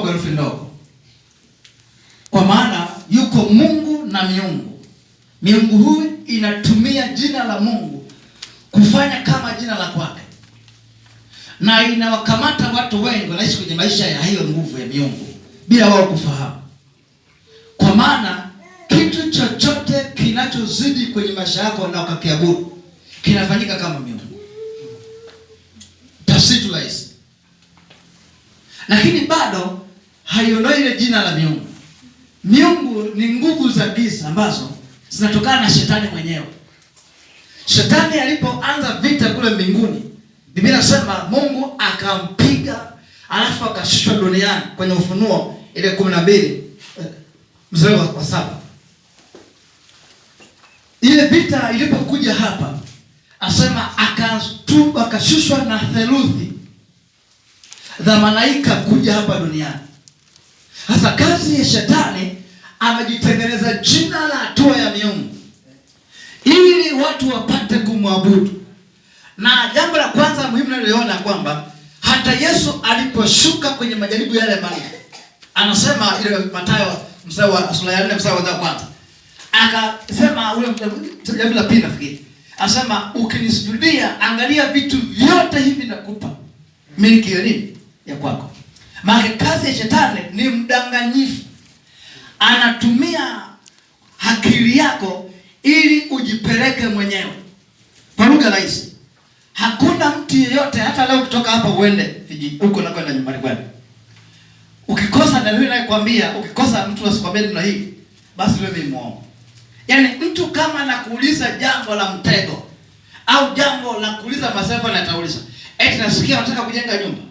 kwa herufi ndogo, kwa maana yuko Mungu na miungu. Miungu huyu inatumia jina la Mungu kufanya kama jina la kwake, na inawakamata watu wengi wanaishi kwenye maisha ya hiyo nguvu ya miungu bila wao kufahamu, kwa maana kitu chochote kinachozidi kwenye maisha yako na ukakiabudu kinafanyika kama miungu. Tafsiri rahisi, lakini bado haiondoi ile jina la miungu. Miungu ni nguvu za giza ambazo zinatokana na shetani mwenyewe. Shetani alipoanza vita kule mbinguni, Biblia inasema Mungu akampiga, alafu akashushwa duniani kwenye Ufunuo ile kumi na mbili eh, mstari wa saba. Ile vita ilipokuja hapa, asema akashushwa na theluthi za malaika kuja hapa duniani sasa kazi ya shetani, amejitengeneza jina la hatua ya miungu ili watu wapate kumwabudu. Na jambo la kwanza muhimu naliona kwamba hata Yesu aliposhuka kwenye majaribu yale mali, anasema ile Mathayo mstari wa sura ya 4 mstari wa kwanza, akasema ule jambo la pili nafikiri, anasema ukinisujudia, angalia vitu vyote hivi nakupa miliki ya nini ya kwako. Maana kazi ya shetani rahisi. Hakuna mtu yeyote hata leo kutoka hapa uende huko na kwenda nyumbani kwani. Ukikosa na wewe nayekwambia, ukikosa mtu asikwambie neno hii, basi wewe ni muongo. Yaani mtu kama anakuuliza jambo la mtego au jambo la kuuliza masafa na atauliza. Eti nasikia unataka kujenga nyumba.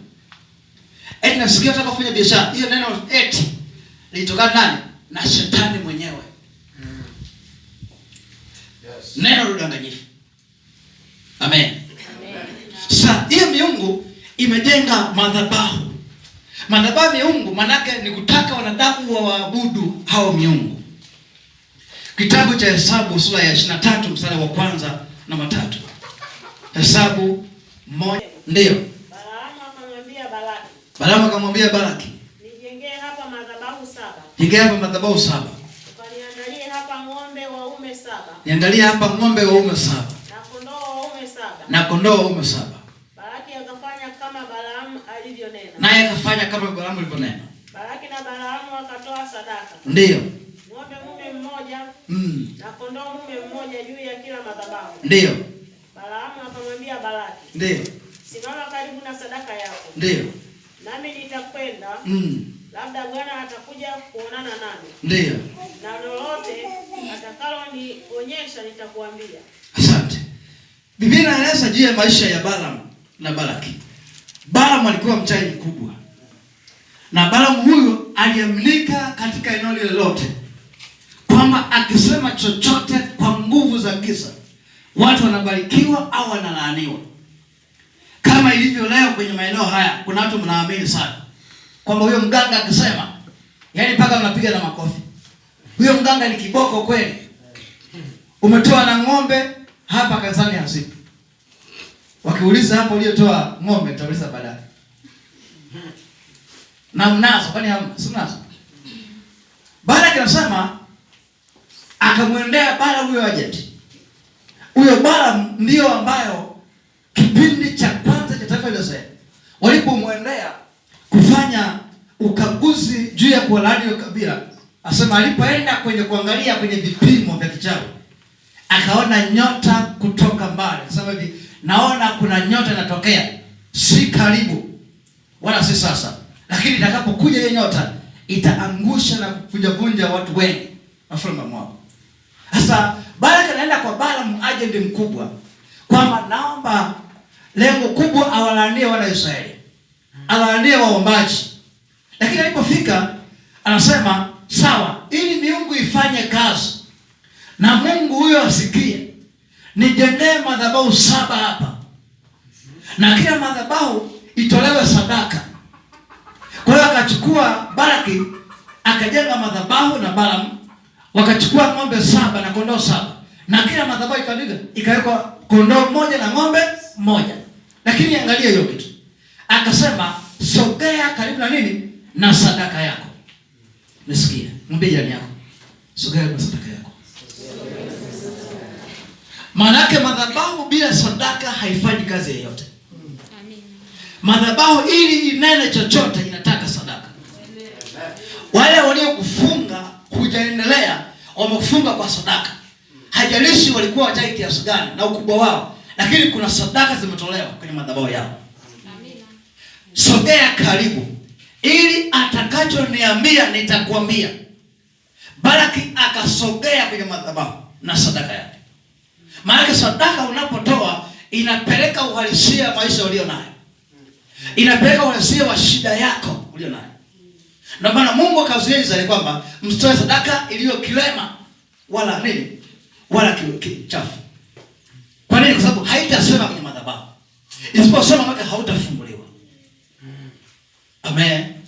Eti nasikia unataka kufanya biashara. Hiyo neno eti lilitokana nani? Na shetani mwenyewe. Mm. Yes. Neno lodanganyifu. imejenga madhabahu. Madhabahu miungu manake ni kutaka wanadamu wa waabudu hao miungu. Kitabu cha Hesabu sura ya 23 mstari wa kwanza na matatu Hesabu moja ndio. Balaamu akamwambia Balaki. Balaamu Nijengee hapa madhabahu saba. Nijengee hapa madhabahu saba. Ukaniandalie hapa ng'ombe waume saba. Niandalie hapa ng'ombe waume saba. Na kondoo waume saba. Na kondoo waume saba. naye kafanya kama Balaamu alivyonena. Balaki na Balaamu wakatoa sadaka. Ndiyo. Ng'ombe mume mmoja mm. na kondoo mume mmoja juu ya kila madhabahu. Ndiyo. Balaamu akamwambia Balaki. Ndiyo. Simama karibu na sadaka yako. Ndiyo. Nami nitakwenda. Mm. Labda Bwana atakuja kuonana nami. Ndiyo. Na lolote atakalo ni onyesha nitakuambia. Asante. Biblia inaeleza juu ya maisha ya Balaamu na Balaki. Balaam alikuwa mchaji mkubwa, na Balaam huyo aliamlika katika eneo lile lote kwamba akisema chochote kwa nguvu za giza watu wanabarikiwa au wanalaaniwa. Kama ilivyo leo kwenye maeneo haya, kuna watu mnaamini sana kwamba huyo mganga akisema, yaani mpaka mnapiga na makofi. Huyo mganga ni kiboko kweli, umetoa na ng'ombe hapa kanisani hasibu Wakiuliza hapo uliotoa ng'ombe tutauliza baadaye. Na mnazo kwani hamna? Si mnazo. Balaki anasema akamwendea Balaam huyo ajeti. Huyo Balaam ndio ambayo kipindi cha kwanza cha taifa la Israeli walipomwendea kufanya ukaguzi juu ya kuwalaani hiyo kabila. Asema alipoenda kwenye kuangalia kwenye vipimo vya kichawi akaona nyota kutoka mbali. Sasa hivi naona kuna nyota inatokea, si karibu wala si sasa, lakini itakapokuja hiyo nyota itaangusha na kuvunjavunja watu wengi mafalme mwao. Sasa Baraka naenda kwa Balaam, agent mkubwa, kwamba naomba lengo kubwa awalanie wana Israeli, awalanie waombaji. Lakini alipofika anasema sawa, ili miungu ifanye kazi na Mungu huyo asikie nijengee madhabahu saba hapa, na kila madhabahu itolewe sadaka. Kwa hiyo akachukua Baraki akajenga madhabahu na Balaam wakachukua ng'ombe saba na kondoo saba, na kila madhabahu ikaandika ikawekwa kondoo moja na ng'ombe moja Lakini angalia hiyo kitu, akasema sogea karibu na nini na sadaka yako. Nisikie, mwambie jirani yako, sogea na sadaka yako. Maanake madhabahu bila sadaka haifanyi kazi yoyote. Madhabahu ili inene chochote inataka sadaka. Wale waliokufunga kujaendelea wamekufunga kwa sadaka, hajalishi walikuwa wajai kiasi gani na ukubwa wao, lakini kuna sadaka zimetolewa kwenye madhabahu yao. Sogea karibu, ili atakachoniambia nitakwambia. Baraki akasogea kwenye madhabahu na sadaka yake. Maana sadaka unapotoa inapeleka uhalisia maisha ulio nayo, inapeleka uhalisia wa shida yako ulio nayo. Ndio maana Mungu akazuia Israeli kwamba msitoe sadaka iliyo kilema wala nini wala kichafu. Kwa nini? Kwa sababu haitasema kwenye madhabahu, isiposema maka hautafunguliwa. Amen.